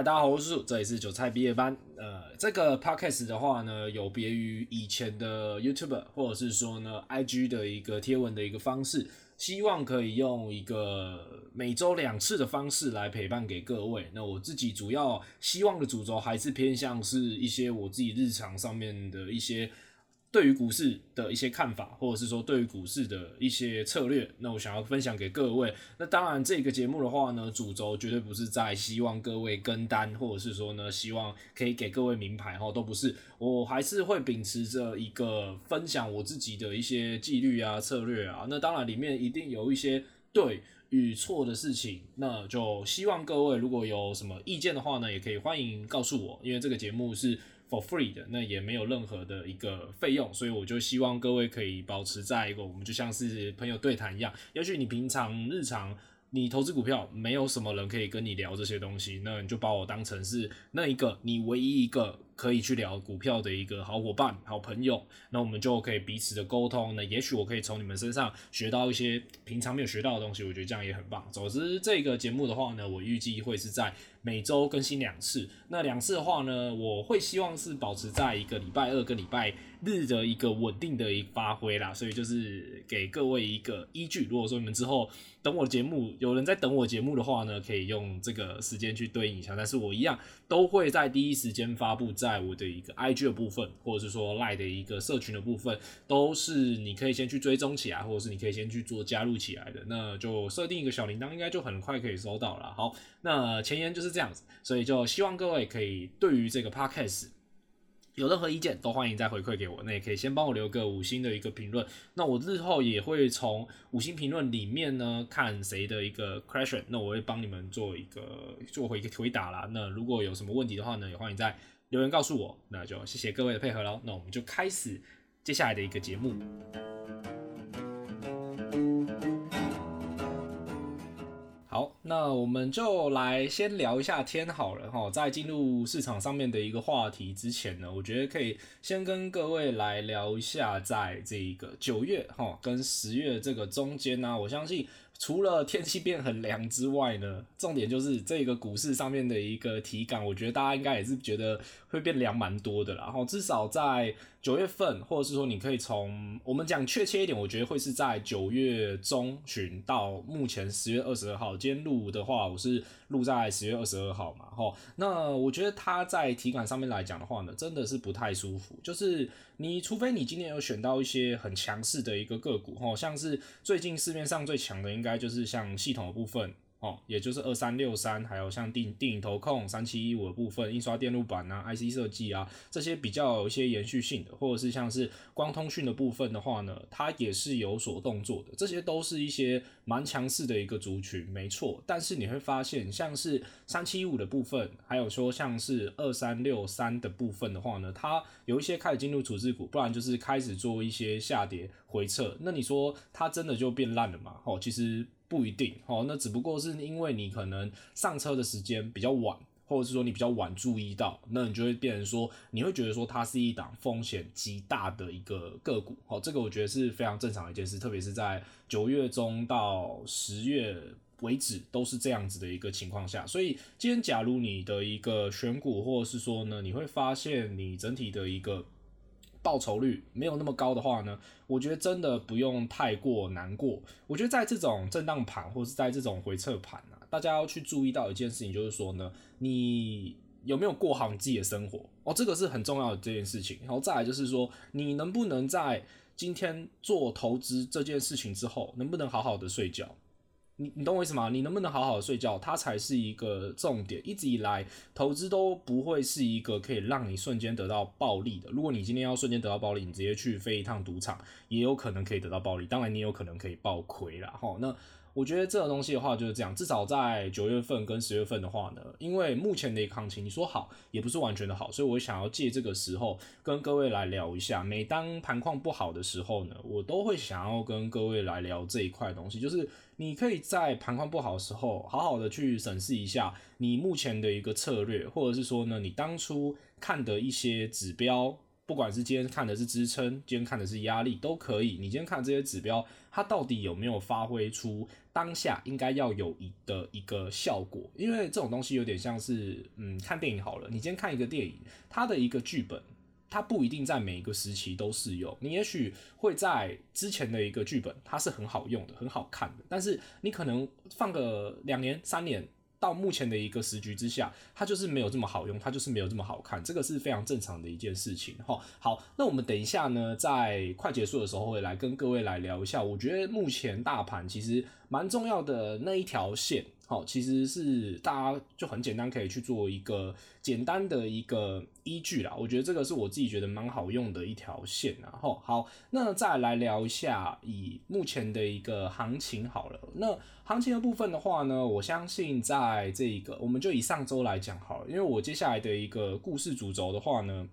大家好，我是叔叔，這裡是韭菜畢業班。呃，這個 podcast 的話呢，有別於以前的 YouTuber 或者是說呢 IG 的一個貼文的一個方式，希望可以用一個每周兩次的方式來陪伴給各位。那我自己主要希望的主軸還是偏向是一些我自己日常上面的一些，對於股市的一些看法，或者是說對於股市的一些策略，那我想要分享給各位。那當然，這個節目的話呢，主軸絕對不是在希望各位跟單，或者是說呢，希望可以給各位明牌哈，都不是。我還是會秉持着一個分享我自己的一些紀律啊、策略啊。那當然，裡面一定有一些對與錯的事情，那就希望各位如果有什麼意見的話呢，也可以歡迎告訴我，因為這個節目是。for free 的，那也沒有任何的一個費用，所以我就希望各位可以保持在一個，我們就像是朋友對談一樣。也許你平常日常你投資股票，沒有什麼人可以跟你聊這些東西，那你就把我當成是那一個你唯一一個。可以去聊股票的一個好夥伴、好朋友，那我們就可以彼此的溝通。那也許我可以從你們身上學到一些平常沒有學到的東西，我覺得這樣也很棒。總之，這個節目的話呢，我預計會是在每週更新兩次。那兩次的話呢，我會希望是保持在一個禮拜二跟禮拜日的一個穩定的一個發揮啦。所以就是給各位一個依據。如果說你們之後等我的節目，有人在等我節目的話呢，可以用這個時間去對應一下。但是我一樣都會在第一時間發布在。在我的一個 IG 的部分，或者是說 Line 的一個社群的部分，都是你可以先去追蹤起來，或者是你可以先去做加入起來的。那就設定一個小鈴鐺，應該就很快可以收到了啦。好，那前言就是這樣子，所以就希望各位可以對於這個 Podcast。有任何意見都歡迎再回饋給我，那也可以先幫我留個五星的一個評論，那我日後也會從五星評論裡面呢，看誰的一個 crash，那我會幫你們做一個做回一個回答啦。那如果有什麼問題的話呢，也歡迎再留言告訴我，那就謝謝各位的配合咯，那我們就開始接下來的一個節目。好，那我們就來先聊一下天好了哈。在進入市場上面的一個話題之前呢，我覺得可以先跟各位來聊一下，在這個九月哈跟十月這個中間呢、啊，我相信。除了天氣變很涼之外呢，重點就是這個股市上面的一個體感，我覺得大家應該也是覺得會變涼蠻多的啦。然後至少在九月份，或者是說你可以從我們講確切一點，我覺得會是在九月中旬到目前十月二十二號。今天錄的話，我是錄在十月二十二號嘛。哈，那我覺得它在體感上面來講的話呢，真的是不太舒服。就是你除非你今天有選到一些很強勢的一個個股，哈，像是最近市面上最強的應該。應該就是像系統的部分。哦，也就是二三六三，還有像定穎定穎投控、三七一五的部分，印刷電路板啊、IC 設計啊這些比較有一些延續性的，或者是像是光通訊的部分的話呢，它也是有所動作的。這些都是一些蠻強勢的一個族群，沒錯。但是你會發現，像是三七一五的部分，還有說像是二三六三的部分的話呢，它有一些開始進入處置股，不然就是開始做一些下跌回撤。那你說它真的就變爛了嗎？哦，其實。不一定，哦，那只不過是因為你可能上車的時間比較晚，或者是說你比較晚注意到，那你就會變成說，你會覺得說它是一檔風險極大的一個個股，好，這個我覺得是非常正常的一件事，特別是在九月中到十月為止都是這樣子的一個情況下，所以今天假如你的一個選股或者是說呢，你會發現你整體的一個。報酬率沒有那麼高的話呢，我覺得真的不用太過難過。我覺得在這種震盪盤或是在這種回撤盤啊，大家要去注意到一件事情，就是說呢，你有沒有過好自己的生活哦？這個是很重要的這件事情。然後再來就是說，你能不能在今天做投資這件事情之後，能不能好好的睡覺？你你懂我意思嗎？你能不能好好的睡覺？它才是一個重點。一直以來，投資都不會是一個可以讓你瞬間得到暴利的。如果你今天要瞬間得到暴利，你直接去飛一趟賭場，也有可能可以得到暴利。當然，你也有可能可以爆虧了。哈，那。我覺得這個東西的話就是這樣，至少在九月份跟十月份的話呢，因為目前的一個行情，你說好也不是完全的好，所以我想要借這個時候跟各位來聊一下。每當盤況不好的時候呢，我都會想要跟各位來聊這一塊東西，就是你可以在盤況不好的時候，好好的去審視一下你目前的一個策略，或者是說呢，你當初看的一些指標。不管是今天看的是支撐，今天看的是壓力，都可以。你今天看這些指標，它到底有沒有發揮出當下應該要有的一,一個效果？因為這種東西有點像是，嗯，看電影好了。你今天看一個電影，它的一個劇本，它不一定在每一個時期都適用。你也許會在之前的一個劇本，它是很好用的，很好看的。但是你可能放個兩年、三年。到目前的一個時局之下，它就是沒有這麼好用，它就是沒有這麼好看，這個是非常正常的一件事情哈。好，那我們等一下呢，在快結束的時候會來跟各位來聊一下我覺得目前大盤其實蠻重要的那一條線。好，其實是大家就很簡單，可以去做一個簡單的一個依據啦。我覺得這個是我自己覺得蠻好用的一條線，啊，然後好，那再來聊一下以目前的一個行情好了。那行情的部分的話呢，我相信在這一個，我們就以上週來講好了，因為我接下來的一個故事主軸的話呢，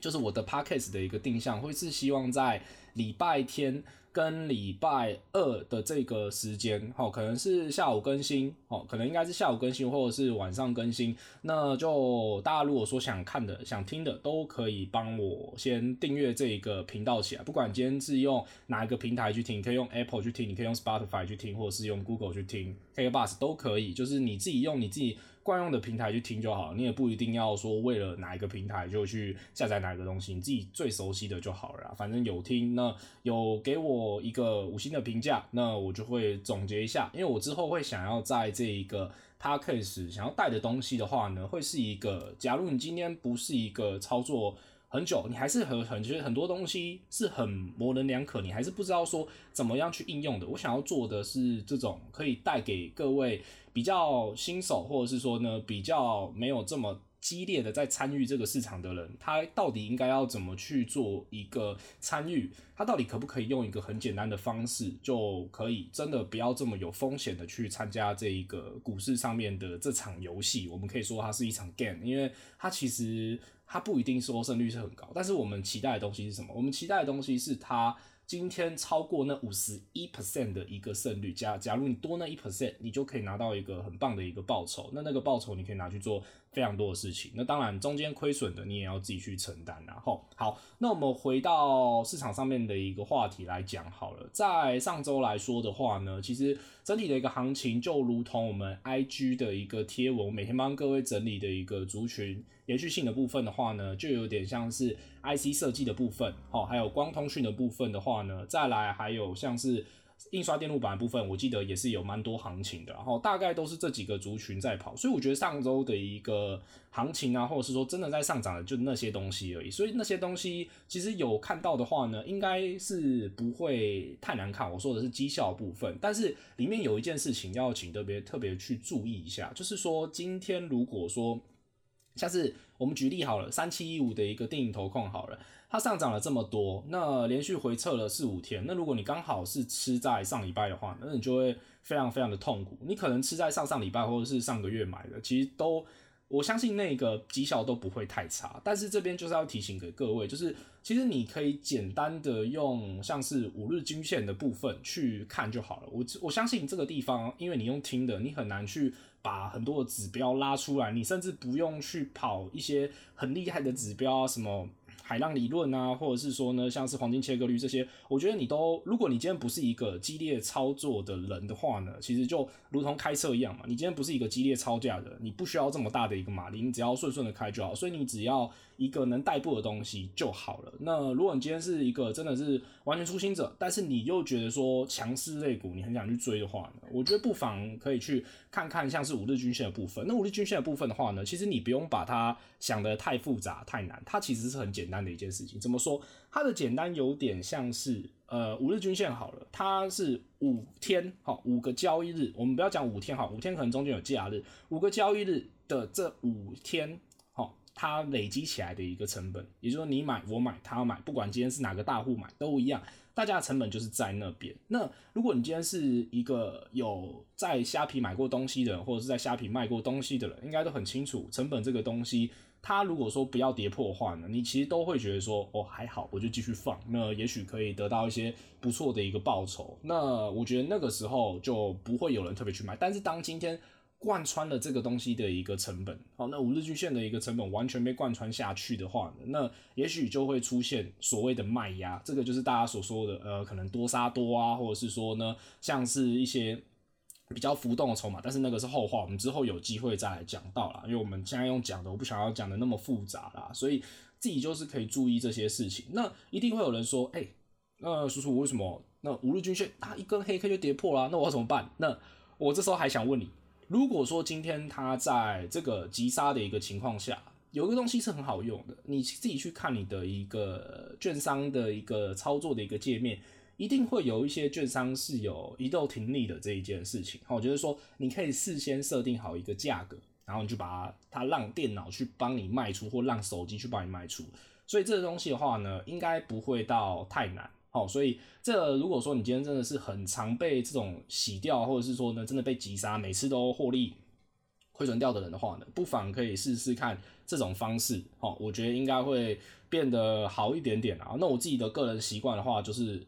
就是我的 podcast 的一個定向會是希望在禮拜天。跟禮拜二的這個時間，好、哦，可能是下午更新，哦，可能應該是下午更新，或者是晚上更新。那就大家如果說想看的、想聽的，都可以幫我先訂閱這一個頻道起來。不管今天是用哪一個平台去聽，你可以用 Apple 去聽，你可以用 Spotify 去聽，或者是用 Google 去聽，KKBOX 都可以，就是你自己用你自己。慣用的平台去聽就好了，你也不一定要說，為了哪一個平台就去下載哪一個東西，你自己最熟悉的就好了。反正有聽，那有給我一個五星的評價，那我就會總結一下。因為我之後會想要在這一個 podcast 想要帶的東西的話呢，會是一個，假如你今天不是一個操作。很久，你還是很很，其實很多東西是很模稜兩可，你還是不知道說怎麼樣去應用的。我想要做的是這種可以帶給各位比較新手，或者是說呢比較沒有這麼激烈的在參與這個市場的人，他到底應該要怎麼去做一個參與？他到底可不可以用一個很簡單的方式就可以真的不要這麼有風險的去參加這一個股市上面的這場遊戲。我們可以說它是一場 game，因為它其實。它不一定說勝率是很高，但是我們期待的東西是什麼？我們期待的東西是它今天超過那五十一 percent 的一個勝率，假假如你多那一 percent，你就可以拿到一個很棒的一個報酬。那那個報酬你可以拿去做。非常多的事情，那當然中間虧損的你也要自己去承擔。然後，好，那我們回到市場上面的一個話題來講好了。在上周來說的話呢，其實整體的一個行情就如同我們 IG 的一個貼文，每天幫各位整理的一個族群延續性的部分的話呢，就有點像是 IC 設計的部分，好，還有光通訊的部分的話呢，再來還有像是。印刷電路板的部分，我記得也是有蠻多行情的，然後大概都是這幾個族群在跑，所以我覺得上周的一個行情啊，或者是說真的在上漲的，就那些東西而已。所以那些東西其實有看到的話呢，應該是不會太難看。我說的是績效部分，但是裡面有一件事情要請特別特別去注意一下，就是說今天如果說像是我們舉例好了，三七一五的一個定穎投控好了。它上漲了這麼多，那連續回撤了四五天。那如果你剛好是吃在上禮拜的話，那你就會非常非常的痛苦。你可能吃在上上禮拜或者是上個月買的，其實都我相信那個績效都不會太差。但是這邊就是要提醒給各位，就是其實你可以簡單的用像是五日均線的部分去看就好了。我我相信這個地方，因為你用聽的，你很難去把很多的指標拉出來，你甚至不用去跑一些很厲害的指標啊，什麼。海浪理論啊，或者是說呢，像是黃金切割率這些，我覺得你都，如果你今天不是一個激烈操作的人的話呢，其實就如同開車一樣嘛，你今天不是一個激烈操駕的，你不需要這麼大的一個馬力，你只要順順的開就好，所以你只要。一個能代步的東西就好了。那如果你今天是一個真的，是完全初心者，但是你又覺得說強勢類股你很想去追的話呢，我覺得不妨可以去看看像是五日均線的部分。那五日均線的部分的話呢，其實你不用把它想得太複雜太難，它其實是很簡單的一件事情。怎麼說？它的簡單有點像是呃五日均線好了，它是五天好五個交易日，我們不要講五天好，五天可能中間有假日，五個交易日的這五天，它累積起來的一個成本，也就是說，你買，我買，他買，不管今天是哪個大戶買都一樣，大家的成本就是在那邊。那如果你今天是一個有在蝦皮買過東西的人，或者是在蝦皮賣過東西的人，應該都很清楚，成本這個東西，它如果說不要跌破換了，你其實都會覺得說，哦，還好，我就繼續放，那也許可以得到一些不錯的一個報酬。那我覺得那個時候就不會有人特別去買，但是當今天。貫穿了這個東西的一個成本，好，那五日均線的一個成本完全被貫穿下去的話，那也許就會出現所謂的賣壓，這個就是大家所說的，呃，可能多殺多啊，或者是說呢，像是一些比較浮動的籌碼，但是那個是後話，我們之後有機會再來講到啦，因為我們現在用講的，我不想要講的那麼複雜啦，所以自己就是可以注意這些事情。那一定會有人說，哎、欸，那、呃、叔叔，我為什麼那五日均線它、啊、一根黑 K 就跌破啦、啊，那我怎麼辦？那我這時候還想問你。如果說今天它在這個急殺的一個情況下，有一個東西是很好用的，你自己去看你的一個券商的一個操作的一個界面，一定會有一些券商是有移動停利的這一件事情。哈，我覺得說你可以事先設定好一個價格，然後你就把它，它讓電腦去幫你賣出，或讓手機去幫你賣出。所以這個東西的話呢，應該不會到太難。哦，所以這個如果說你今天真的是很常被這種洗掉，或者是說呢，真的被急殺，每次都獲利虧損掉的人的話呢，不妨可以試試看這種方式。哦，我覺得應該會變得好一點點啊。那我自己的個人習慣的話，就是。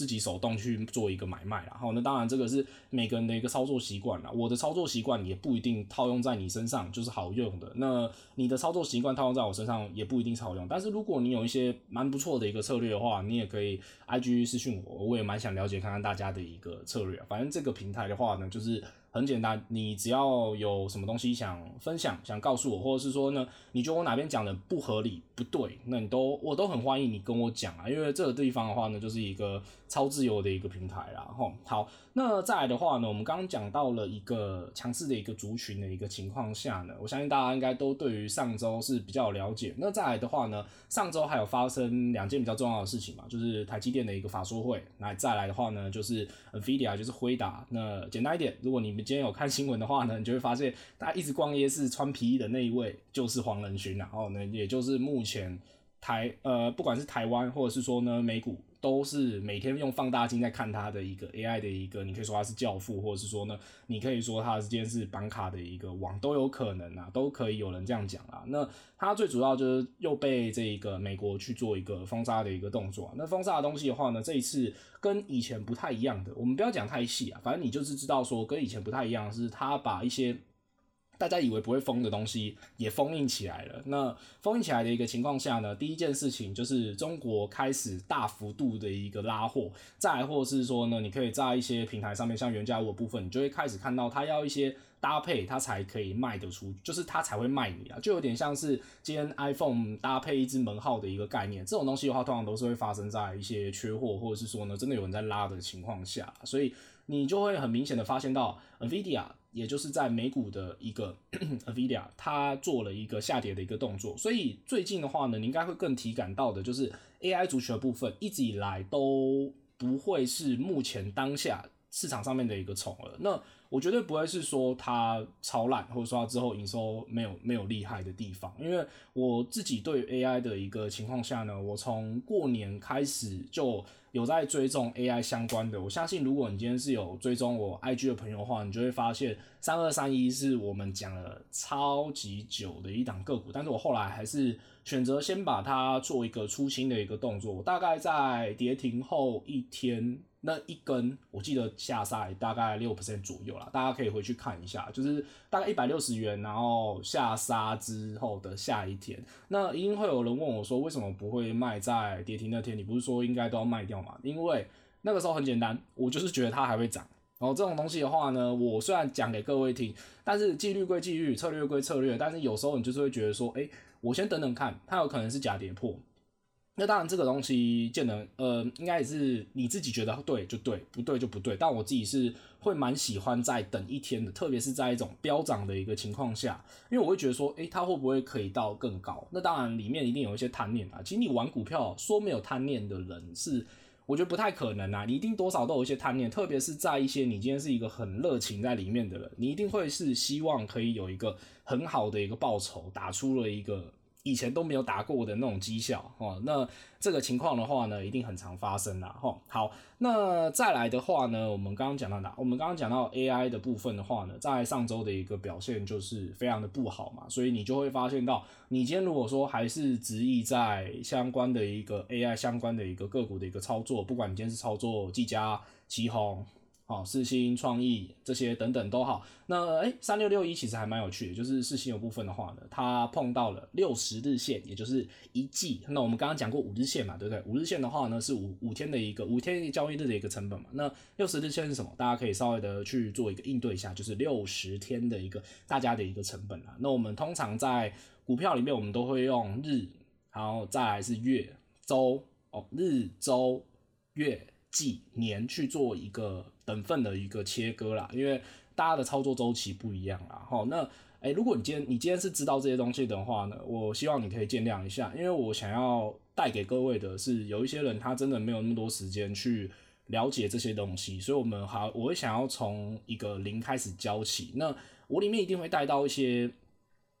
自己手動去做一個買賣，然後呢，那當然這個是每個人的一個操作習慣了。我的操作習慣也不一定套用在你身上就是好用的，那你的操作習慣套用在我身上也不一定是好用。但是如果你有一些蠻不錯的一個策略的話，你也可以 IG 私訊我，我也蠻想了解看看大家的一個策略。反正這個平台的話呢，就是。很簡單，你只要有什麼東西想分享，想告訴我，或者是說呢，你覺得我哪邊講的不合理、不對，那你都我都很歡迎你跟我講啊，因為這個地方的話呢，就是一個超自由的一個平台啦。吼，好，那再來的話呢，我們剛剛講到了一個強勢的一個族群的一個情況下呢，我相信大家應該都對於上周是比較了解。那再來的話呢，上周還有發生兩件比較重要的事情嘛，就是台積電的一個法說會，那再來的話呢，就是 Nvidia 就是輝達。那簡單一點，如果你。今天有看新聞的話呢，你就會發現，大家一直逛夜市穿皮衣的那一位，就是黃仁勳，啊，然、哦、後呢，也就是目前台呃，不管是台灣或者是說呢美股。都是每天用放大鏡在看它的一個 AI 的一個，你可以說它是教父，或者是說呢，你可以說它之間是綁卡的一個網都有可能啊，都可以有人這樣講啊。那它最主要就是又被這個美國去做一個封殺的一個動作啊。那封殺的東西的話呢，這一次跟以前不太一樣的，我們不要講太細啊，反正你就是知道說跟以前不太一樣，是他把一些。大家以為不會封的東西也封印起來了。那封印起來的一個情況下呢，第一件事情就是中國開始大幅度的一個拉貨，再或者是說呢，你可以在一些平台上面，像原價的部分，你就會開始看到它要一些搭配，它才可以賣得出，就是它才會賣你啊，就有點像是今天 iPhone 搭配一支門號的一個概念。這種東西的話，通常都是會發生在一些缺貨，或者是說呢，真的有人在拉的情況下，所以你就會很明顯的發現到 NVIDIA。也就是在美股的一個 NVIDIA，它做了一個下跌的一個動作，所以最近的話呢，你應該會更體感到的就是 AI 族群的部分，一直以來都不會是目前當下市場上面的一個寵兒。那我絕對不會是說它超爛，或者說它之後營收沒有沒有厲害的地方，因為我自己對 AI 的一個情況下呢，我從過年開始就。有在追蹤 AI 相關的，我相信如果你今天是有追蹤我 IG 的朋友的話，你就會發現三二三一是我們講了超級久的一檔個股，但是我後來還是選擇先把它做一個出清的一個動作，我大概在跌停後一天。那一根，我記得下殺也大概六 percent 左右啦，大家可以回去看一下，就是大概一百六十元，然後下殺之後的下一天，那一定會有人問我說，為什麼不會賣在跌停那天？你不是說應該都要賣掉嗎？因為那個時候很簡單，我就是覺得它還會漲。然後這種東西的話呢，我雖然講給各位聽，但是紀律歸紀律，策略歸策略，但是有時候你就是會覺得說，哎、欸，我先等等看，它有可能是假跌破。那當然，這個東西見仁呃，應該也是你自己覺得對就對，不對就不對。但我自己是會蠻喜歡在等一天的，特別是在一種飆漲的一個情況下，因為我會覺得說，誒、欸，它會不會可以到更高？那當然，裡面一定有一些貪念啊。其實你玩股票說沒有貪念的人是，是我覺得不太可能啊。你一定多少都有一些貪念，特別是在一些你今天是一個很熱情在裡面的人，你一定會是希望可以有一個很好的一個報酬，打出了一個。以前都沒有達過的那種績效，齁，那這個情況的話呢，一定很常發生啦，齁，好，那再來的話呢，我們剛剛講到哪？我們剛剛講到 AI 的部分的話呢，在上周的一個表現就是非常的不好嘛，所以你就會發現到，你今天如果說還是執意在相關的一個 AI 相關的一個個股的一個操作，不管你今天是操作技嘉、奇鋐，好、哦，世芯、創意這些等等都好。那哎、欸，三六六一其實還蠻有趣的，就是世芯有部分的話呢，它碰到了六十日線，也就是一季。那我們剛剛講過五日線嘛，對不對？五日線的話呢，是五五天的一個五天交易日的一個成本嘛。那六十日線是什麼？大家可以稍微的去做一個應對一下，就是六十天的一個大家的一個成本啦。那我們通常在股票裡面，我們都會用日，然後再來是月、週、哦，日、週、月、季、年去做一個。本分的一個切割啦，因為大家的操作週期不一樣啦。好，那誒、欸，如果你今天你今天是知道這些東西的話呢，我希望你可以見諒一下，因為我想要帶給各位的是，有一些人他真的沒有那麼多時間去了解這些東西，所以我們好，我會想要從一個零開始教起。那我裡面一定會帶到一些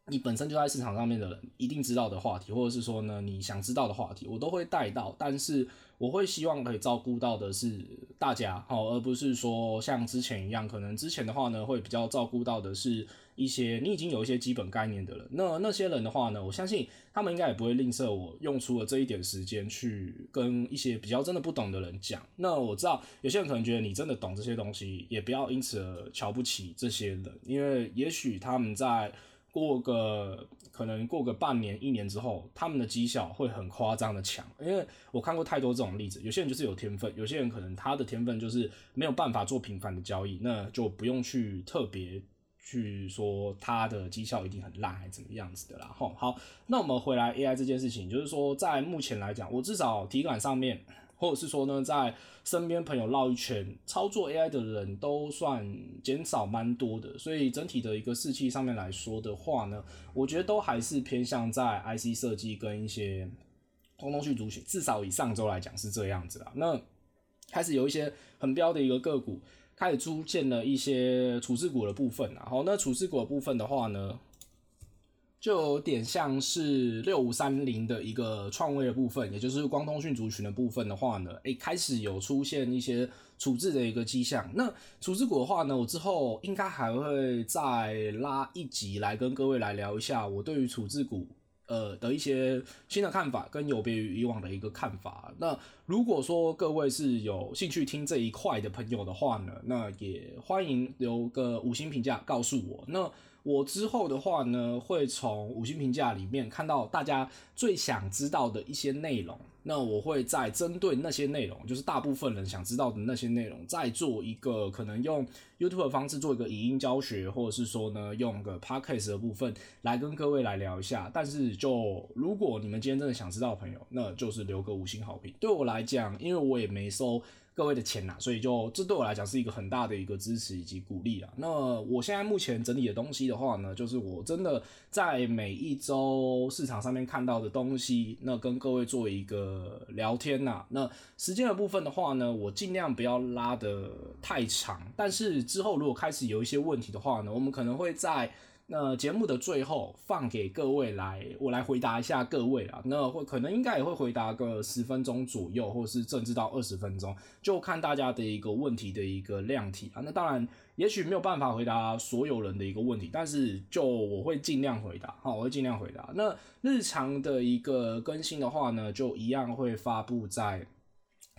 你本身就在市場上面的人一定知道的話題，或者是說呢，你想知道的話題，我都會帶到，但是。我會希望可以照顧到的是大家，好，而不是說像之前一樣，可能之前的話呢，會比較照顧到的是一些你已經有一些基本概念的人。那那些人的話呢，我相信他們應該也不會吝嗇我用出了這一點時間去跟一些比較真的不懂的人講。那我知道有些人可能覺得你真的懂這些東西，也不要因此而瞧不起這些人，因為也許他們在。過個可能過個半年一年之後，他們的績效會很誇張的強，因為我看過太多這種例子。有些人就是有天分，有些人可能他的天分就是沒有辦法做頻繁的交易，那就不用去特別去說他的績效一定很爛，還是怎麼樣子的啦。好，那我們回來 A I 這件事情，就是說在目前來講，我至少體感上面。或者是說呢，在身邊朋友繞一圈，操作 AI 的人都算減少蠻多的，所以整體的一個士氣上面來說的話呢，我覺得都還是偏向在 IC 設計跟一些功能性族群，至少以上周來講是這樣子啊。那開始有一些很標的一個個股，開始出現了一些處置股的部分，然後那處置股的部分的話呢，就有點像是六五三零的一個創威的部分，也就是光通訊族群的部分的話呢，誒、欸，開始有出現一些處置的一個跡象。那處置股的話呢，我之後應該還會再拉一集來跟各位來聊一下我對於處置股呃的一些新的看法，跟有別於以往的一個看法。那如果說各位是有興趣聽這一塊的朋友的話呢，那也歡迎留個五星評價告訴我。那我之後的話呢，會從五星評價裡面看到大家最想知道的一些內容，那我會再針對那些內容，就是大部分人想知道的那些內容，再做一個可能用 YouTube 的方式做一個語音教學，或者是說呢，用個 Podcast 的部分來跟各位來聊一下。但是就如果你們今天真的想知道的朋友，那就是留個五星好評。對我來講，因為我也沒收。各位的錢吶啊，所以就這對我來講是一個很大的一個支持以及鼓勵啊。那我現在目前整理的東西的話呢，就是我真的在每一周市場上面看到的東西，那跟各位做一個聊天吶啊。那時間的部分的話呢，我盡量不要拉得太長，但是之後如果開始有一些問題的話呢，我們可能會在。那節目的最後放給各位來，我來回答一下各位啊。那會可能應該也會回答個十分鐘左右，或是甚至到二十分鐘，就看大家的一個問題的一個量體啊。那當然，也許沒有辦法回答所有人的一個問題，但是就我會盡量回答。哈，我會盡量回答。那日常的一個更新的話呢，就一樣會發布在。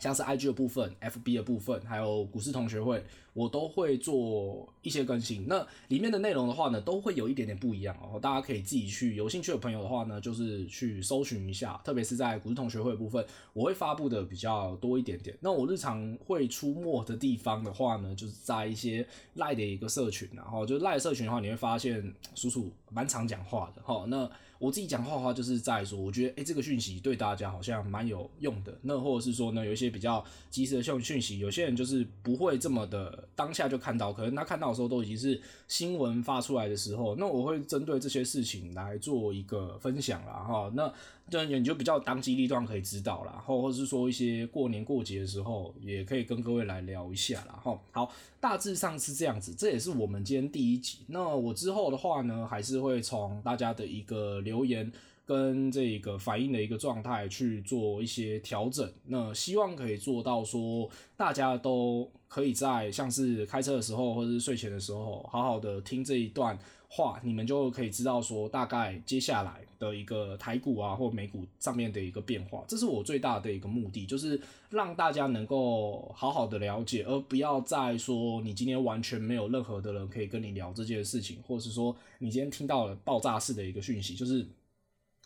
像是 IG 的部分、FB 的部分，還有股市同學會，我都會做一些更新。那裡面的內容的話呢，都會有一點點不一樣，哦，然後大家可以自己去。有興趣的朋友的話呢，就是去搜尋一下。特別是在股市同學會的部分，我會發布的比較多一點點。那我日常會出沒的地方的話呢，就是在一些 LINE 的一個社群，然後就 LINE 社群的話，你會發現叔叔蠻常講話的。好，那。我自己講話的話，就是在說，我覺得，哎、欸，這個訊息對大家好像蠻有用的，那或者是說呢，有一些比較及時的訊訊息，有些人就是不會這麼的當下就看到，可能他看到的時候都已經是新聞發出來的時候，那我會針對這些事情來做一個分享了哈，那。就你就比較當機立斷可以知道啦，或或是說一些過年過節的時候，也可以跟各位來聊一下啦。哈，好，大致上是這樣子，這也是我們今天第一集。那我之後的話呢，還是會從大家的一個留言，跟這個反應的一個狀態去做一些調整。那希望可以做到說大家都。可以在像是開車的時候，或者是睡前的時候，好好的聽這一段話，你們就可以知道說大概接下來的一個台股啊，或美股上面的一個變化。這是我最大的一個目的，就是讓大家能夠好好的了解，而不要再說你今天完全沒有任何的人可以跟你聊這件事情，或者是說你今天聽到了爆炸式的一個訊息，就是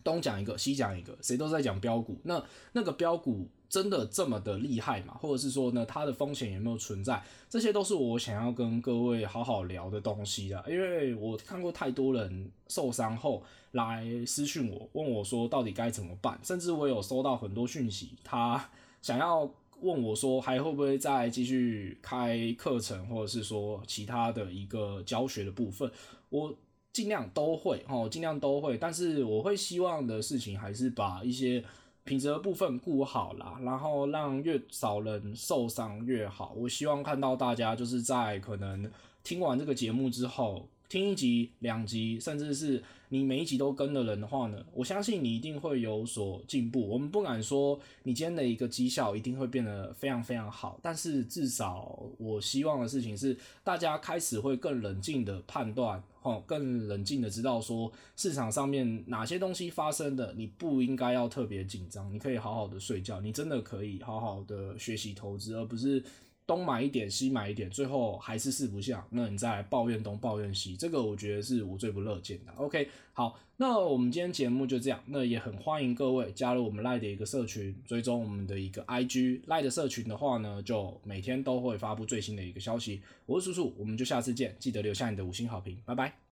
東講一個西講一個，誰都在講飆股，那那個飆股，真的這麼的厲害嘛？或者是說呢，它的風險有沒有存在？這些都是我想要跟各位好好聊的東西啊。因為我看過太多人受傷後來私訊我，問我說到底該怎麼辦。甚至我有收到很多訊息，他想要問我說還會不會再繼續開課程，或者是說其他的一個教學的部分，我盡量都會哦，盡量都會。但是我會希望的事情還是把一些。品質的部分顧好啦，然後讓越少人受傷越好。我希望看到大家就是在可能聽完這個節目之後，聽一集、兩集，甚至是。你每一集都跟的人的話呢，我相信你一定會有所進步。我們不敢說你今天的一個績效一定會變得非常非常好，但是至少我希望的事情是，大家開始會更冷靜的判斷，吼，更冷靜的知道說市場上面哪些東西發生的，你不應該要特別緊張，你可以好好的睡覺，你真的可以好好的學習投資，而不是。東買一點，西買一點，最後還是四不像。那你再抱怨東抱怨西，這個我覺得是我罪不樂見的。OK，好，那我們今天節目就這樣。那也很歡迎各位加入我們 live 的一個社群，追蹤我們的一個 IG 賴的社群的話呢，就每天都會發布最新的一個消息。我是叔叔，我們就下次見，記得留下你的五星好評，拜拜。